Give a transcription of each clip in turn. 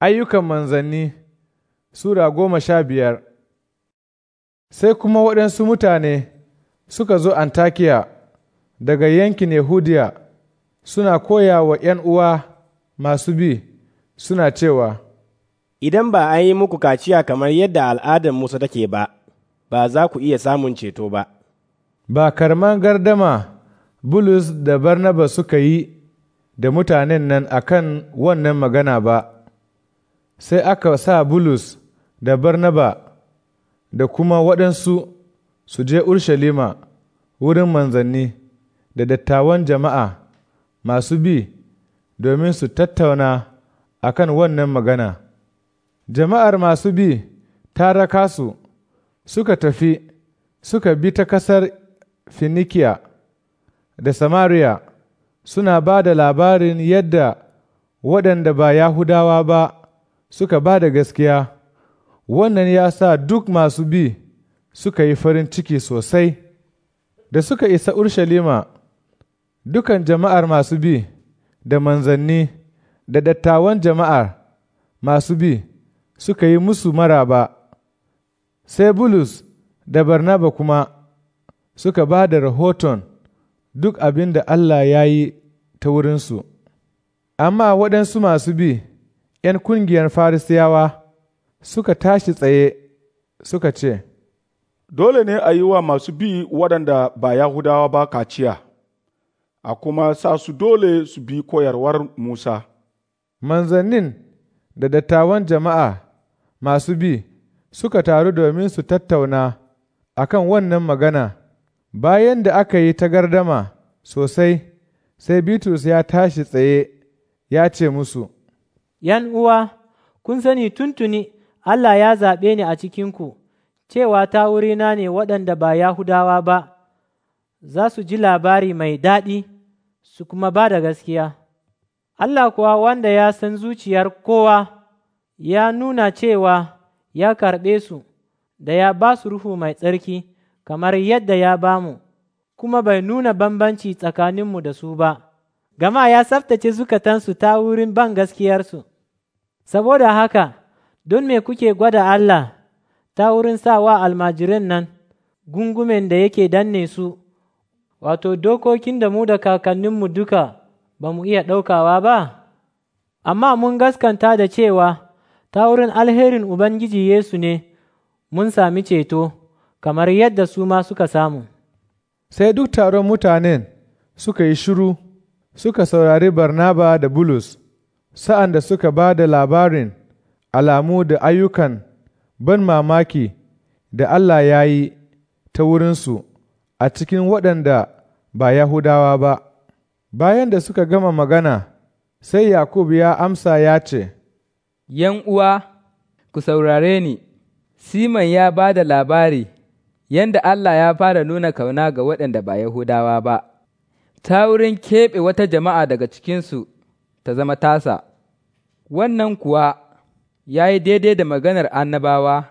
Ayyukan manzanni Sura goma sha biyar Sai kuma waɗansu mutane suka zo Antakiya daga yankin Yahudiya suna koya wa ’yan uwa masu bi suna cewa, Idan ba an yi muku kaciya kamar yadda al'adar Musa take ba, ba za ku iya samun ceto ba. Ba karman gardama Bulus da Barnabas suka yi da mutanen nan akan wannan magana ba. sai aka sa Bulus da Barnaba da kuma waɗansu su je Urshalima wurin manzanni da dattawan jama'a masu bi domin su tattauna a kan wannan magana. Jama'ar masu bi ta raka su suka tafi suka bi ta ƙasar Finikiya da Samariya suna ba da labarin yadda waɗanda ba Yahudawa ba suka ba da gaskiya, wannan ya sa duk masu bi suka yi farin ciki sosai. Da suka isa Urshalima, dukan jama'ar masu bi da manzanni da dattawan jama'ar masu bi suka yi musu maraba, sai Bulus da Barnaba kuma suka ba da rahoton duk abin da Allah ya yi ta wurinsu. Amma waɗansu masu bi ’yan kungiyar Farisiyawa suka tashi tsaye suka ce, Dole ne a yi wa masu bi waɗanda ba Yahudawa ba kaciya, a kuma sa su dole su bi koyarwar Musa. Manzannin da dattawan jama'a masu bi suka taru domin su tattauna a kan wannan magana, bayan da aka yi ta gardama sosai, sai Bitrus ya tashi tsaye ya ce musu, ’yan uwa, kun sani tuntuni Allah ya zaɓe ni a cikinku, cewa ta wurina ne waɗanda ba Yahudawa ba, za su ji labari mai daɗi su kuma ba da gaskiya. Allah kuwa wanda ya san zuciyar kowa ya nuna cewa ya karɓe su da ya ba su ruhu mai tsarki kamar yadda ya ba mu, kuma bai nuna bambanci tsakaninmu da su ba, gama ya tsaftace zukatansu ta wurin ban gaskiyarsu. saboda haka don me kuke gwada Allah ta wurin wa almajiran nan gungumen da yake danne su wato dokokin da mu da kakanninmu duka ba mu iya ɗaukawa ba amma mun gaskanta da cewa ta wurin alherin ubangiji yesu ne mun sami ceto kamar yadda su ma suka samu sai duk taron mutanen suka yi shiru suka saurari barnaba da bulus sa'an da suka ba da labarin alamu da ayyukan ban mamaki da Allah ya yi ta wurinsu a cikin waɗanda ba Yahudawa ba. Bayan da suka gama magana, sai Yakub ya amsa ya ce, ‘Yan uwa, ku saurare ni, Siman ya ba da labari, yadda Allah ya fara nuna kauna ga waɗanda ba Yahudawa ba, ta wurin keɓe wata jama'a daga cikinsu ta zama tasa, wannan kuwa ya yi daidai da maganar annabawa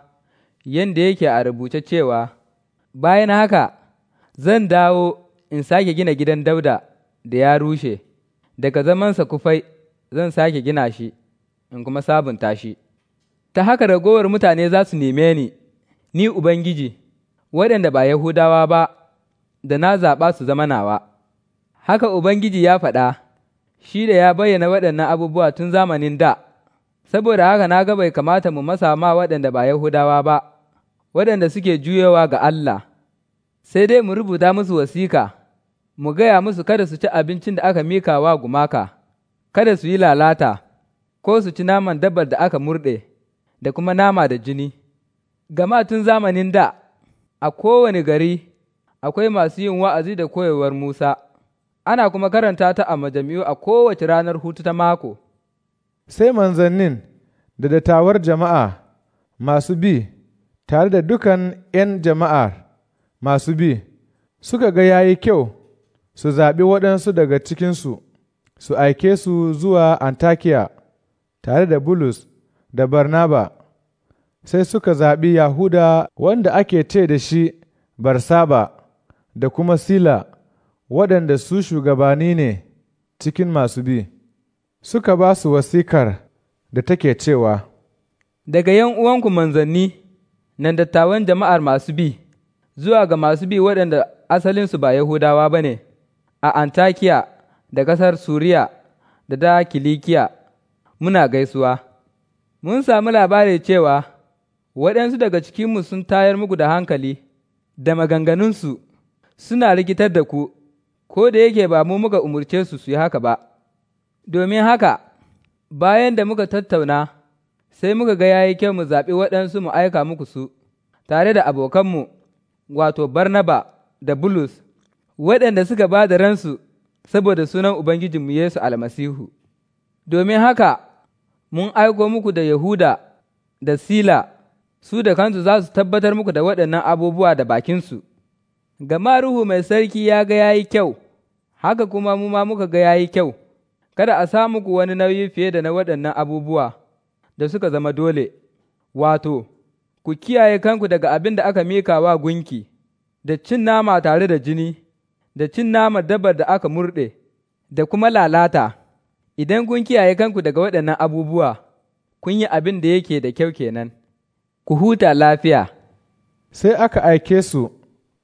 yadda yake a rubuce cewa, Bayan haka, zan dawo in sake gina gidan dauda da ya rushe, daga zamansa kufai zan sake gina shi, in kuma sabunta shi. Ta haka ragowar mutane za su neme ni, ni Ubangiji, waɗanda ba Yahudawa ba, da na zaɓa su zama nawa. Haka Ubangiji ya faɗa. shi da ya bayyana waɗannan abubuwa tun zamanin da, saboda haka na ga bai kamata mu masa ma waɗanda ba Yahudawa ba, waɗanda suke juyewa ga Allah, sai dai mu rubuta musu wasika, mu gaya musu kada su ci abincin da aka mika wa gumaka, kada su yi lalata, ko su ci naman dabbar da aka murɗe, da kuma nama da jini. Gama tun zamanin da, a kowane gari, akwai masu yin wa'azi da koyarwar Musa. ana kuma karanta ta a majami'u a kowace ranar hutu ta mako. Sai manzannin da dattawar jama'a masu bi tare da dukan ’yan jama'ar masu bi suka ga yayi kyau su zaɓi waɗansu daga cikinsu su aike su zuwa Antakiya tare da Bulus da Barnaba, sai suka zaɓi Yahuda wanda ake ce da shi Barsaba da kuma Sila. waɗanda su shugabani ne cikin masu bi, suka ba su wasikar da take cewa, Daga ’yan uwanku manzanni, nan dattawan jama'ar masu bi, zuwa ga masu bi waɗanda asalinsu ba Yahudawa ba ne, a Antakiya da ƙasar Suriya da da Kilikiya, muna gaisuwa. Mun sami labari cewa waɗansu daga cikinmu sun tayar muku da hankali, da maganganunsu suna rikitar da ku, ko da yake ba mu muka umarce su su yi haka ba, domin haka bayan da muka tattauna sai muka ga yayi kyau mu zaɓi waɗansu mu aika muku su, tare da abokanmu wato Barnaba da Bulus, waɗanda suka ba da ransu saboda sunan Ubangijinmu Yesu almasihu. Domin haka mun aiko muku da Yahuda da Sila, su da kansu za su tabbatar muku da waɗannan abubuwa da bakinsu, gama Ruhu mai sarki ya ga ya yi kyau. haka kuma mu ma muka ga yayi kyau, kada a sa muku wani nauyi fiye da na waɗannan abubuwa da suka zama dole, wato, ku kiyaye kanku daga abin da aka mika wa gunki, da cin nama tare da jini, da cin nama dabar da aka murɗe, da kuma lalata, idan kun kiyaye kanku daga waɗannan abubuwa, kun yi abin da yake da kyau kenan, ku huta lafiya. Sai aka aike su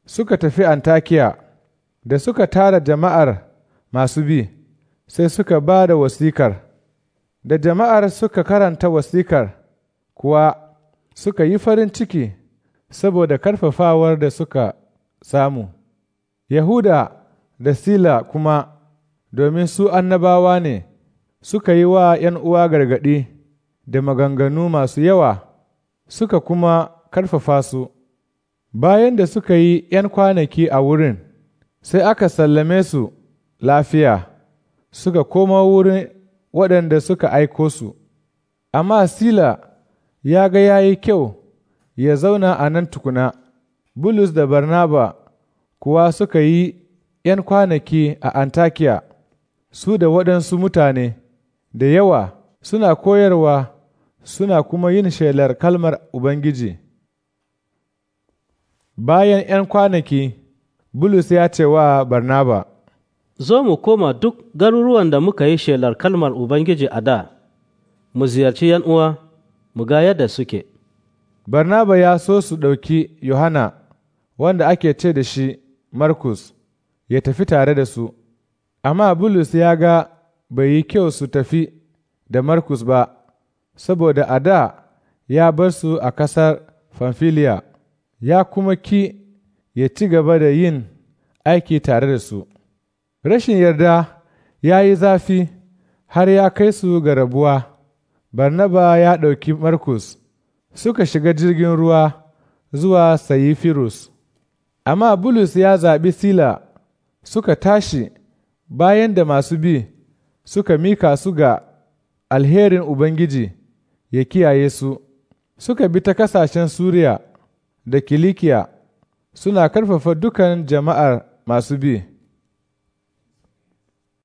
suka tafi Antakiya. da suka tara jama'ar masu bi, sai suka ba da wasikar, da jama'ar suka karanta wasikar kuwa suka yi farin ciki saboda karfafawar da suka samu. Yahuda da Sila kuma, domin su annabawa ne, suka yi wa ’yan uwa gargaɗi da maganganu masu yawa, suka kuma karfafa su, bayan da suka yi ’yan kwanaki a wurin. sai aka sallame su lafiya suka koma wurin waɗanda suka aiko su, amma Sila ya ga ya yi kyau ya zauna a nan tukuna, Bulus da Barnaba kuwa suka yi ’yan kwanaki a Antakiya, su da waɗansu mutane da yawa suna koyarwa suna kuma yin shelar kalmar Ubangiji. Bayan ’yan kwanaki, Bulus ya ce wa Barnaba, Zo mu koma duk garuruwan da muka yi shelar kalmar Ubangiji a da, mu ziyarci ‘yan uwa, mu ga yadda suke. Barnaba ya so su ɗauki Yohana, wanda ake ce da shi Markus, ya tafi tare da su, amma Bulus ya ga bai yi kyau su tafi da Markus ba, saboda a da ya bar su a ƙasar fanfiliya ya kuma ki ya ci gaba da yin aiki tare da su. Rashin yarda ya yi zafi har ya kai su ga rabuwa, Barnaba ya ɗauki Markus suka shiga jirgin ruwa zuwa Sayifirus. Amma Bulus ya zaɓi Sila suka tashi bayan da masu bi suka mika su ga alherin Ubangiji ya kiyaye su, suka bi ta kasashen Suriya da Kilikiya. suna ƙarfafa dukan jama'ar masu bi.